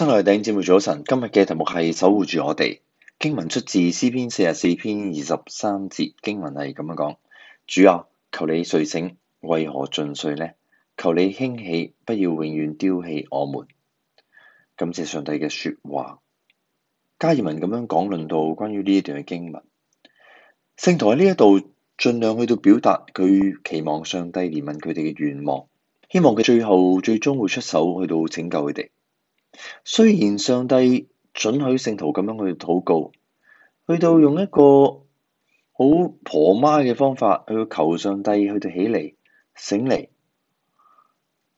新愛的弟目早晨。今日嘅題目係守護住我哋經文出自詩篇四十四篇二十三節，經文係咁樣講：主啊，求你睡醒，為何盡睡呢？求你興起，不要永遠丟棄我們。感謝上帝嘅說話，加爾文咁樣講論到關於呢一段嘅經文，聖徒喺呢一度盡量去到表達佢期望上帝憐憫佢哋嘅願望，希望佢最後最終會出手去到拯救佢哋。雖然上帝准許聖徒咁樣去禱告，去到用一個好婆媽嘅方法去求上帝，佢哋起嚟醒嚟，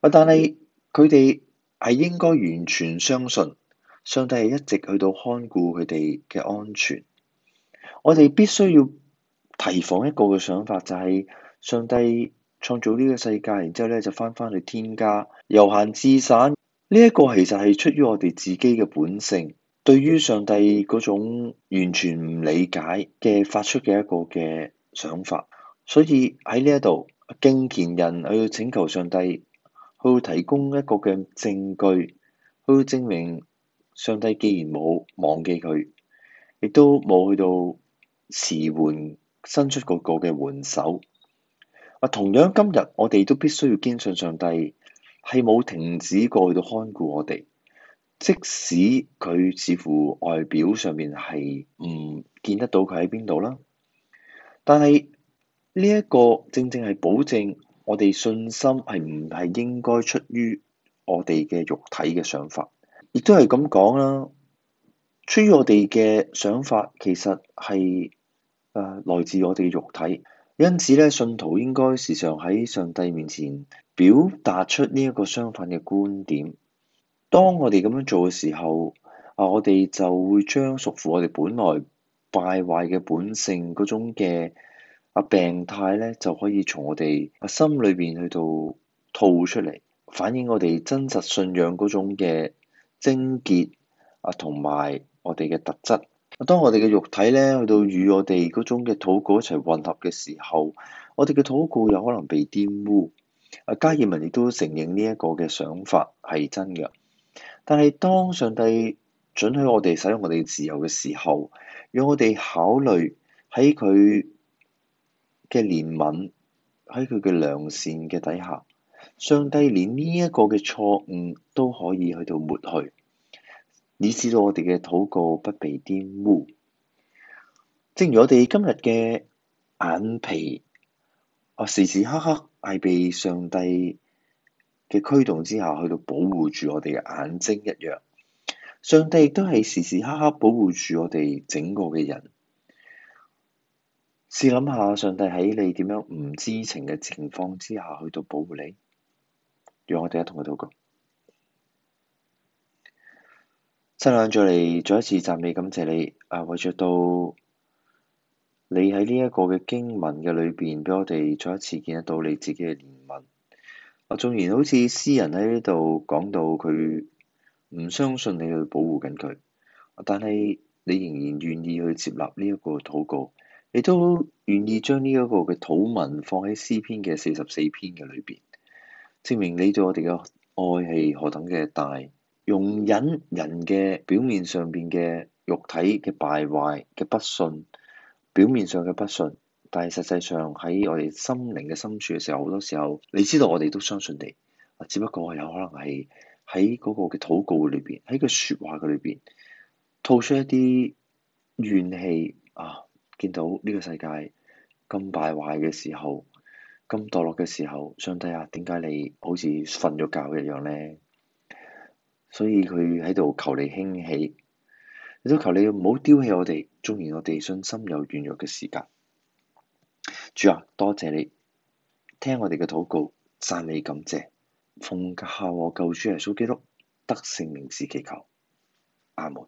但係佢哋係應該完全相信上帝係一直去到看顧佢哋嘅安全。我哋必須要提防一個嘅想法，就係、是、上帝創造呢個世界，然之後咧，就翻返去天家，遊行自省。呢一個其實係出於我哋自己嘅本性，對於上帝嗰種完全唔理解嘅發出嘅一個嘅想法，所以喺呢一度敬虔人去請求上帝，去提供一個嘅證據，去證明上帝既然冇忘記佢，亦都冇去到遲緩伸出嗰個嘅援手。啊，同樣今日我哋都必須要堅信上帝。係冇停止過去到看顧我哋，即使佢似乎外表上面係唔見得到佢喺邊度啦，但係呢一個正正係保證我哋信心係唔係應該出於我哋嘅肉體嘅想法，亦都係咁講啦。出於我哋嘅想法，其實係誒來自我哋嘅肉體。因此咧，信徒應該時常喺上帝面前表達出呢一個相反嘅觀點。當我哋咁樣做嘅時候，啊，我哋就會將屬乎我哋本來敗壞嘅本性嗰種嘅啊病態咧，就可以從我哋心裏邊去到吐出嚟，反映我哋真實信仰嗰種嘅精潔啊，同埋我哋嘅特質。當我哋嘅肉體咧，去到與我哋嗰種嘅禱告一齊混合嘅時候，我哋嘅禱告有可能被玷污。啊，加爾文亦都承認呢一個嘅想法係真嘅。但係當上帝准許我哋使用我哋自由嘅時候，讓我哋考慮喺佢嘅憐憫，喺佢嘅良善嘅底下，上帝連呢一個嘅錯誤都可以去到抹去。以至到我哋嘅禱告不被玷污，正如我哋今日嘅眼皮，我時時刻刻係被上帝嘅驅動之下，去到保護住我哋嘅眼睛一樣。上帝亦都係時時刻刻保護住我哋整個嘅人。試諗下，上帝喺你點樣唔知情嘅情況之下，去到保護你，讓我哋一同去禱告。真係兩再嚟，再一次讚美感謝你。啊，為著到你喺呢一個嘅經文嘅裏邊，俾我哋再一次見得到你自己嘅憐憫。啊，縱然好似詩人喺呢度講到佢唔相信你去保護緊佢，但係你仍然願意去接納呢一個禱告，你都願意將呢一個嘅禱文放喺詩篇嘅四十四篇嘅裏邊，證明你對我哋嘅愛係何等嘅大。容忍人嘅表面上邊嘅肉體嘅敗壞嘅不順，表面上嘅不順，但係實際上喺我哋心靈嘅深處嘅時候，好多時候你知道我哋都相信你，啊，只不過我有可能係喺嗰個嘅禱告裏邊，喺個說話嘅裏邊，吐出一啲怨氣啊！見到呢個世界咁敗壞嘅時候，咁墮落嘅時候，上帝啊，點解你好似瞓咗覺一樣咧？所以佢喺度求你興起，亦都求你唔好丟棄我哋，縱然我哋信心有軟弱嘅時間。主啊，多謝你聽我哋嘅禱告，讚你感謝，奉教我救主耶穌基督得勝名字祈求，阿門。